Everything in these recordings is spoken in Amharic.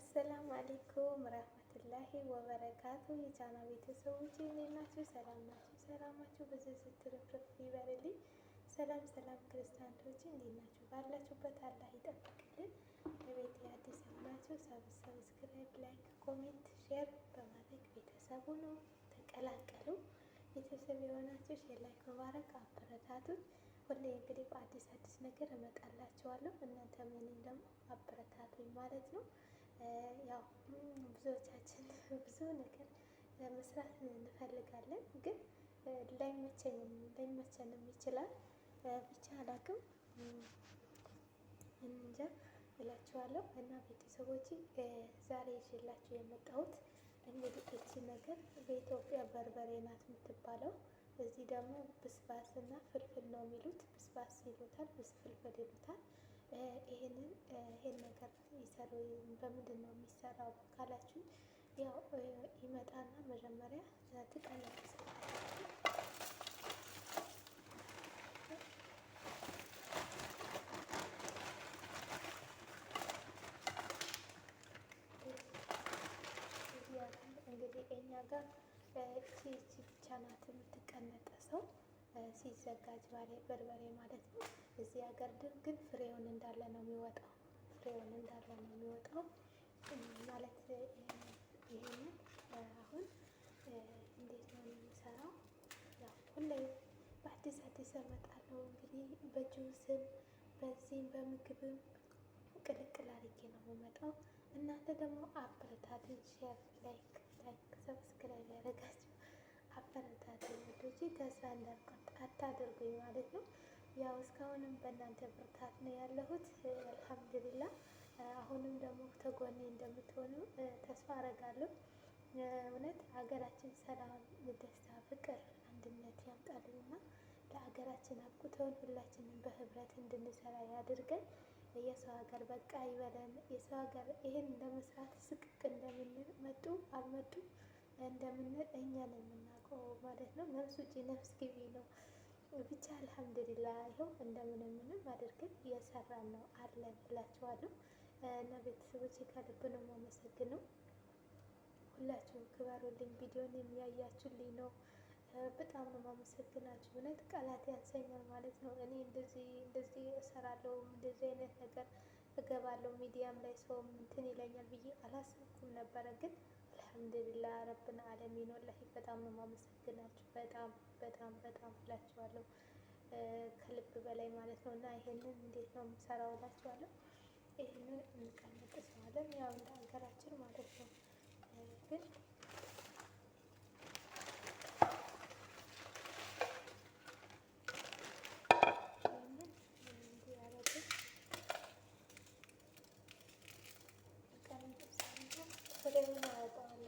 አሰላም አሌይኩም ረህመቱላሂ ወበረካቱ የቻና ቤተሰቦች እንዴት ናችሁ? ሰላም ናችሁ? ሰላማችሁ ብዙ ስትርፍርፍ ይበልልኝ። ሰላም ሰላም ክርስቲያኖች እንዴት ናችሁ? ባላችሁበት አላህ ይጠብቅልን። ለቤት አዲስ የሆናችሁ ሰብስክራይብ፣ ላይክ፣ ኮሜንት፣ ሼር በማድረግ ቤተሰቡ ነው ተቀላቀሉ። ቤተሰብ የሆናችሁ ሼር፣ ላይክ በማድረግ አበረታቱን። ሁሌ እንግዲህ በአዲስ አዲስ ነገር እመጣላችኋለሁ። እናንተ ምንም ደግሞ አበረታቱኝ ማለት ነው። ያው ብዙዎቻችን ብዙ ነገር መስራት እንፈልጋለን፣ ግን ላይመቸንም ይችላል። ብቻ አላቅም እንጃ እላችኋለሁ። እና ቤተሰቦች ዛሬ ይዤላችሁ የመጣሁት እንግዲህ እቺ ነገር በኢትዮጵያ በርበሬ ናት የምትባለው። እዚህ ደግሞ ብስባስ እና ፍልፍል ነው የሚሉት። ብስባስ ይሉታል፣ ብስ ፍልፍል ይሉታል። ይሄንን ይሄን ነገር ይሰሩ በምንድን ነው የሚሰራው ካላችሁ፣ ያው ይመጣና መጀመሪያ ትቀለብስ እንግዲህ እኛ ጋር ቺ ብቻ ናት ሲዘጋጅ በርበሬ ማለት ነው። እዚህ ሀገር ግን ፍሬውን እንዳለ ነው የሚወጣው። ፍሬውን እንዳለ ነው የሚወጣው ማለት ይህንን አሁን እንዴት ነው የሚሰራው? ያው ሁሌ በአዲስ አዲስ እመጣለሁ እንግዲህ በጁስም በዚህም በምግብም ቅልቅል አድርጌ ነው የሚመጣው እናንተ ደግሞ አበረታቱኝ። ሼር፣ ላይክ ላይክ ሰብስክራይብ ያደረጋችሁ አበረታቱኝ ውዶቼ፣ ተስፋ እንዳልቆርጥ አታድርጉኝ ማለት ነው። ያው እስካሁንም በእናንተ ብርታት ነው ያለሁት። አልሐምዱሊላ አሁንም ደግሞ ተጎኔ እንደምትሆኑ ተስፋ አረጋለሁ። እውነት ሀገራችን ሰላም፣ ደስታ፣ ፍቅር፣ አንድነት ያምጣልንና ለሀገራችን አብቁተውን ሁላችንም በህብረት እንድንሰራ ያድርገን። የሰው ሀገር በቃ ይበለን። የሰው ሀገር ይህን ለመስራት ስቅቅ እንደምንመጡ አልመጡ እንደምንል እኛ ነው የምናውቀው። ማለት ነው። ነፍስ ውጪ ነፍስ ግቢ ነው። ብቻ አልሐምዱሊላ ይኸው እንደምን ምንም አድርገን እየሰራን ነው አለን እላችኋለሁ። እና ቤተሰቦች ከልብ ነው የማመሰግነው። ሁላችሁም ክበሩልኝ። ቪዲዮን የሚያያችሁልኝ ነው በጣም ነው የማመሰግናችሁ። እውነት ቃላት ያንሰኛል ማለት ነው። እኔ እንደዚህ እንደዚህ እሰራለሁ እንደዚህ አይነት ነገር እገባለሁ ሚዲያም ላይ ሰው እንትን ይለኛል ብዬ አላሰብኩም ነበረ ግን አልሐምዱሊላህ ረብን አለሚን ወላሂ በጣም ነው የማመሰግናችሁ። በጣም በጣም በጣም እላችኋለሁ ከልብ በላይ ማለት ነው። እና ይሄንን እንዴት ነው የምሰራው እላችኋለሁ። ይሄንን እንቀንጥሰዋለን ያው እንደ ሀገራችን ማለት ነው ግን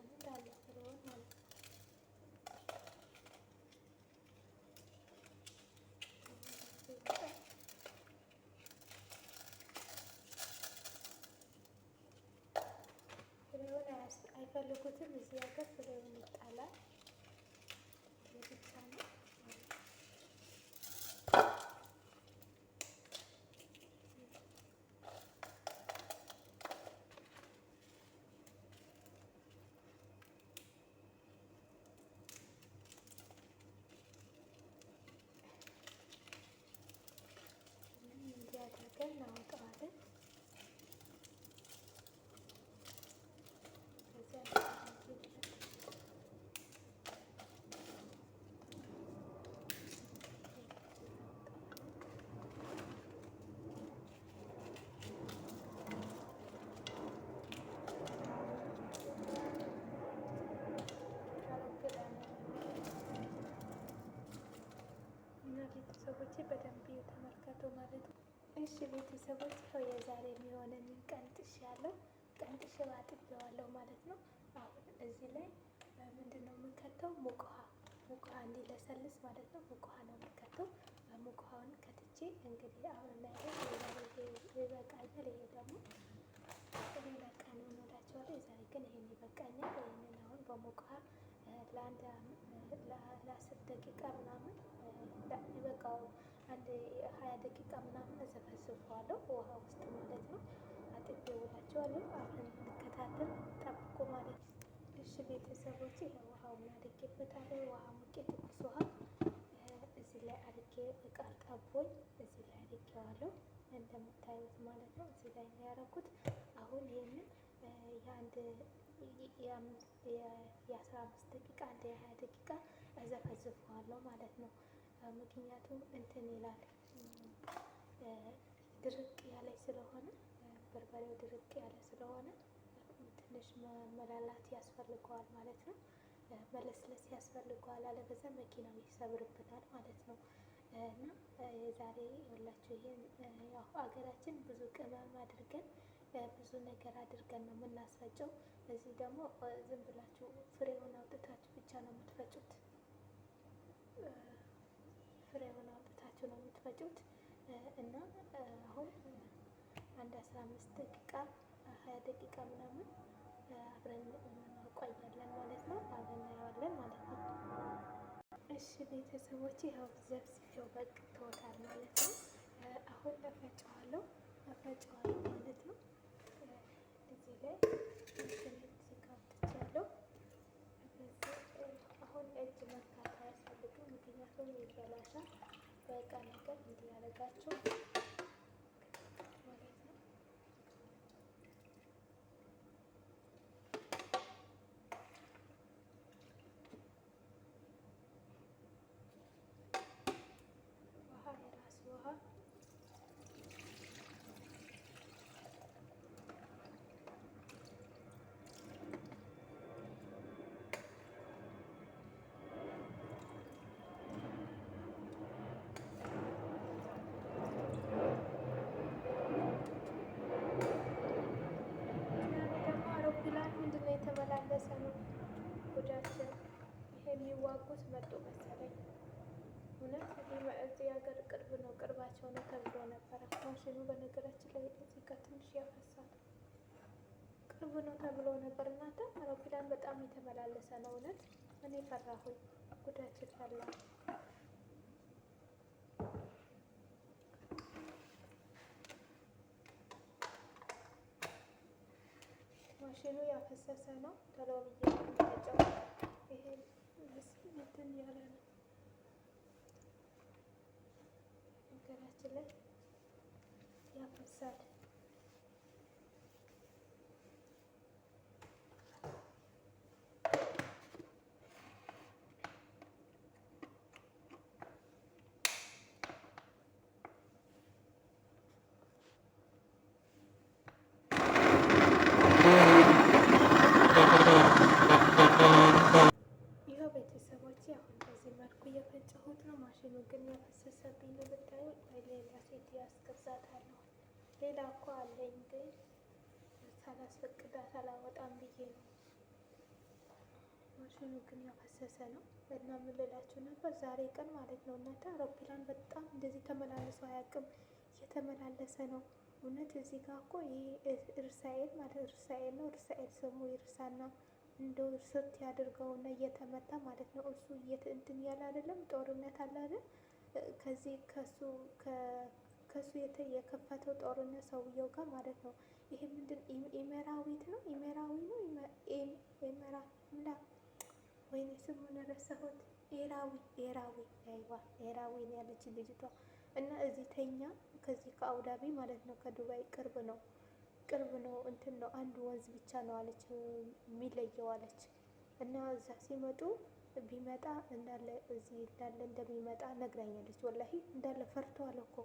አደርጋለሁ እንዳለ ስለሆን ማለት ነው። ፍሬውን አይፈልጉትም። እዚህ ሀገር ፍሬውን ይጣላል። Gracias. እሺ ቤተሰቦች ሰው የዛሬ የሚሆነን ቀንጥሽ ያለው ቀንጥሽ አጥቤዋለሁ ማለት ነው። አሁን እዚህ ላይ ምንድን ነው የምንከተው? ሙቅ ውሃ ሙቅ ውሃ እንዲለሰልስ ማለት ነው። ሙቅ ውሃ ነው የምንከተው። ሙቅ ውሃውን ከትቼ እንግዲህ አሁን የዛሬ ይበቃኛል። ይሄ ደግሞ ይበቃን እንላቸዋለን። የዛሬ ግን ይሄን ይበቃኛል። ይህንን አሁን በሙቅ ውሃ ለአንድ ለአስር ደቂቃ ምናምን ሀያ ደቂቃ ምናምን እዘፈዝፈዋለሁ ውሃ ውስጥ ማለት ነው። አጥቤ ውላቸዋለሁ። አብረን እንከታተል ጠብቁ ማለት ነው። እሺ ቤተሰቦች ውሃውን አድርጌበታለሁ። ውሃ ሙቄ ትኩስ ውሃ እዚህ ላይ አድርጌ እቃ ጠቦኝ እዚህ ላይ አድርጌዋለሁ እንደምታዩት ማለት ነው። እዚህ ላይ ያደረኩት። አሁን ይህንን የአንድ የአስራ አምስት ደቂቃ አንድ የሀያ ደቂቃ እዘፈዝፈዋለሁ ማለት ነው። ምክንያቱም እንትን ይላል ድርቅ ያለ ስለሆነ በርበሬው ድርቅ ያለ ስለሆነ ትንሽ መላላት ያስፈልገዋል ማለት ነው። መለስለስ ያስፈልገዋል። አለበዛ መኪናው ይሰብርብናል ማለት ነው። እና የዛሬ የሁላችሁ ይህን ያው ሀገራችን ብዙ ቅመም አድርገን ብዙ ነገር አድርገን ነው የምናስፈጨው። እዚህ ደግሞ ዝም ብላችሁ ፍሬውን አውጥታችሁ ብቻ ነው የምትፈጩት። ፍሬውን አውጥታችሁ ነው የምትፈጩት እና አሁን አንድ አስራ አምስት ደቂቃ ሀያ ደቂቃ ምናምን አብረን እንቆያለን ማለት ነው። አብረን እናየዋለን ማለት ነው። እሺ ቤተሰቦች ይኸው ዘፍዝፌው በቅቶታል ማለት ነው። አሁን እፈጨዋለሁ እፈጨዋለሁ ማለት ነው። እዚህ ላይ ትንሽ አውጥቻለሁ። አሁን እጅ መካ ምክንያቱም የገላሻ በእቃ ነገር እንዲያደርጋቸው ማሽናቸው ነው ተብሎ ነበረ። ማሽኑ በነገራችን ላይ እዚህ ጋር ትንሽ ያፈሳል። ቅርብ ነው ተብሎ ነበር። እናንተ አውሮፕላን በጣም የተመላለሰ ነው። እውነት እኔ ፈራሁኝ። ጉዳችን ፈላ። ማሽኑ ያፈሰሰ ነው ተብሎ ብዬ ይሄ እንትን ያለ ነው አሁን በዚህ መልኩ እየፈጨሁት ነው ማሽኑ ግን ያፈሰሰብኝ ነው። ብታዩ ሌላ ሴት ያስገዛታለሁ። ሌላ እኮ አለኝ ግን ሳላስፈቅዳ አላወጣም ብዬ ነው። ማሽኑ ግን ያፈሰሰ ነው እና ምን ልላችሁ ነበር ዛሬ ቀን ማለት ነው እናንተ አውሮፕላን በጣም እንደዚህ ተመላለሰው አያውቅም። እየተመላለሰ ነው እውነት እዚህ ጋር እኮ ይሄ እርሳኤል ማለት እርሳኤል ነው። እርሳኤል ስሙ ይርሳና እንደው ስርት እና እየተመታ ማለት ነው እሱ እንትን ያለ አይደለም ጦርነት አለ አይደል ከዚህ ከሱ ከሱ የከፈተው ጦርነት ሰውየው ጋር ማለት ነው። ይሄ ምንድን ኢመራዊት ነው ኢመራዊ ነው ኢመራ ምላ ወይኔ ስሙን ረሳሁት። ኤራዊ ኤራዊ አይዋ ኤራዊ ነው ያለች ልጅቷ እና እዚህ ተኛ ከዚህ ከአውዳቢ ማለት ነው ከዱባይ ቅርብ ነው ቅርብ ነው እንትን ነው አንድ ወንዝ ብቻ ነው አለች የሚለየው አለች እና እዛ ሲመጡ ቢመጣ እንዳለ እዚህ እንዳለ እንደሚመጣ ነግራኛለች። ወላሂ እንዳለ ፈርተዋል እኮ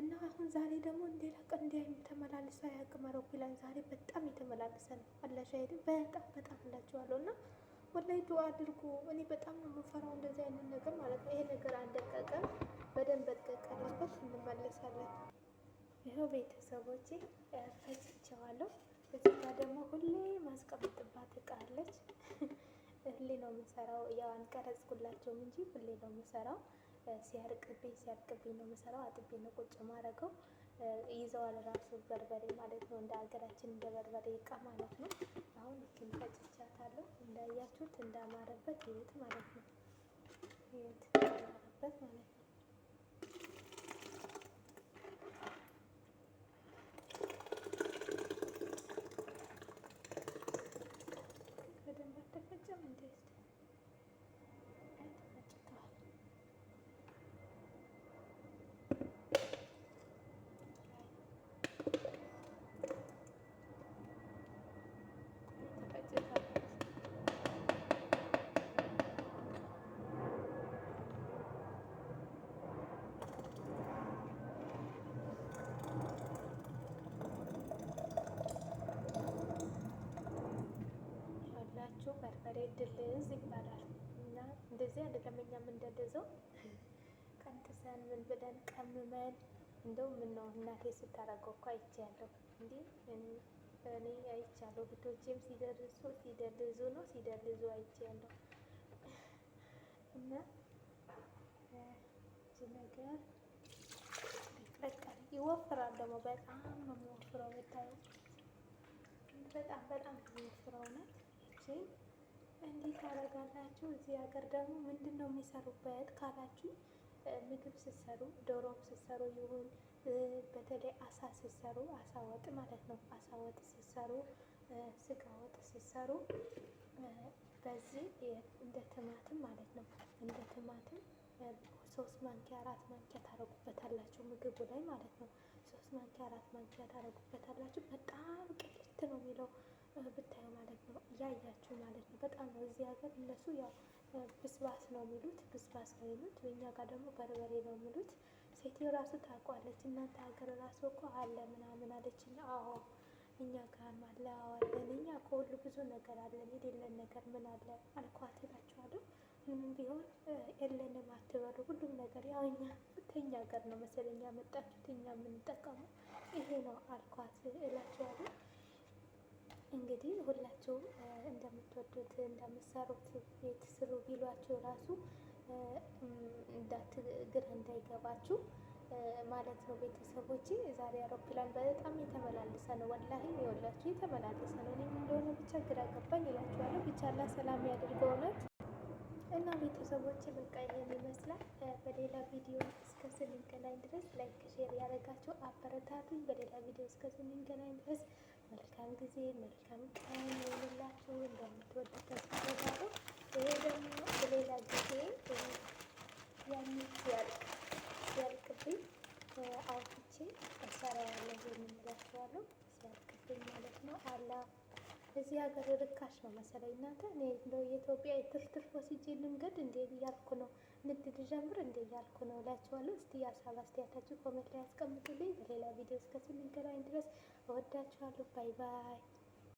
እና አሁን ዛሬ ደግሞ ሌላ ቀን እንዲህ ተመላልሶ አያውቅም አውሮፕላን። ዛሬ በጣም የተመላለሰ ነው። አላሽ አይደል? በጣም በጣም እላቸዋለሁ። እና ወላይ ዱአ አድርጉ። እኔ በጣም ነው የምፈራው እንደዚህ አይነት ነገር ማለት ነው። ይሄ ነገር አልደቀቀ፣ በደንብ በቀቀለበት እንመለሳለን። ይኸው ቤተሰቦቼ ፈጭቼዋለሁ። እዚህ ጋር ደግሞ ሁሌ ማስቀምጥባት እቃ አለች። ሁሌ ነው የምሰራው። ያው አንቀረጽኩላቸውም እንጂ ሁሌ ነው የምሰራው ሲያርቅብኝ ሲያርቅብኝ ነው የምሰራው። አጥቤ ነው ቁጭ ማድረገው። ይዘዋል ራሱ በርበሬ ማለት ነው። እንደ ሀገራችን እንደ በርበሬ እቃ ማለት ነው። አሁን ይህችን ፈጭቻታለሁ። እንዳያችሁት እንዳማረበት ይዩት ማለት ነው። ይዩት እንዳማረበት ማለት ነው። በደንብ አልተፈጨም እንዴ? እንደዚህ አይደለም። እኛም እንደደዘው ቀንጥሰን ምን ብለን ቀምመን እንደው ምን ነው እናቴ ስታረገው እኮ አይቻለሁ እንዴ እኔ አይቻለሁ። ብቶቼም ሲደርሱ ሲደልዙ ነው ሲደልዙ አይቻለሁ። እና እዚህ ነገር በቃ ይወፍራል ደግሞ በጣም ነው የሚወፍረው። ብታዩ በጣም በጣም የሚወፍረው ነው እቺ እንዴት ታደርጋላችሁ? እዚህ ሀገር ደግሞ ምንድን ነው የሚሰሩበት ካላችሁ ምግብ ስትሰሩ ዶሮም ስትሰሩ ይሁን በተለይ አሳ ስትሰሩ አሳ ወጥ ማለት ነው። አሳ ወጥ ስትሰሩ፣ ስጋ ወጥ ስትሰሩ በዚህ እንደ ቲማቲም ማለት ነው እንደ ቲማቲም ሶስት ማንኪያ አራት ማንኪያ ታደርጉበታላችሁ ምግቡ ላይ ማለት ነው። ሶስት ማንኪያ አራት ማንኪያ ታደርጉበታላችሁ። በጣም ቅልት ነው የሚለው ብታዩ ማለት ነው እያያችሁ ማለት ነው። በጣም ነው እዚህ ሀገር እነሱ ያው ብስባስ ነው የሚሉት ብስባስ ነው የሚሉት፣ እኛ ጋር ደግሞ በርበሬ ነው የሚሉት። ሴትዮ ራሱ ታውቋለች። እናንተ ሀገር ራሱ እኮ አለ ምናምን አለች። አዎ እኛ ጋር አለ አለን። እኛ ከሁሉ ብዙ ነገር አለን። የሌለን ነገር ምን አለ አልኳት እላችኋለሁ። ምንም ቢሆን የለንም አትበሉ። ሁሉም ነገር ያው እኛ ከኛ ሀገር ነው መሰለኝ ያመጣችሁት እኛ የምንጠቀመው ይሄ ነው አልኳት እላችኋለሁ። እንግዲህ ሁላችሁ እንደምትወዱት እንደምትሰሩት ቤት ስሩ ቢሏችሁ ራሱ ግራ እንዳይገባችሁ ማለት ነው። ቤተሰቦች ዛሬ አውሮፕላን በጣም የተመላለሰ ነው። ወላሂ የወላችሁ የተመላለሰ ነው። እኔም እንደሆነ ብቻ ግራ ገባኝ እላችኋለሁ። ብቻ አላህ ሰላም ያድርገው እውነት እና ቤተሰቦች በቃ ይሄን ይመስላል። በሌላ ቪዲዮ እስከ ስንገናኝ ድረስ ላይክ፣ ሼር ያደረጋችሁ አበረታቱኝ። በሌላ ቪዲዮ እስከ ስንገናኝ ድረስ መልካም ጊዜ መልካም ቀን የሌላችሁ እንደምትወዱት ተስፋ ይሄ ደግሞ በሌላ ጊዜ ያኔ ሲያልቅ ሲያልቅብኝ አውጥቼ እሰራዋለሁ የምንላችኋለሁ ሲያልቅብኝ ማለት ነው እዚህ ሀገር ርካሽ ነው መሰለኝ። እናንተ እኔ እንደው የኢትዮጵያ ትርትር ወስጄ ልንገድ እንዴ እያልኩ ነው፣ ንግድ ልጀምር እንዴ እያልኩ ነው እላችኋለሁ። እስቲ ሀሳብ አስተያየታችሁ ኮሜንት ላይ አስቀምጡልኝ። በሌላ ቪዲዮ እስከ ስንገናኝ ድረስ እወዳችኋለሁ። ባይ ባይ።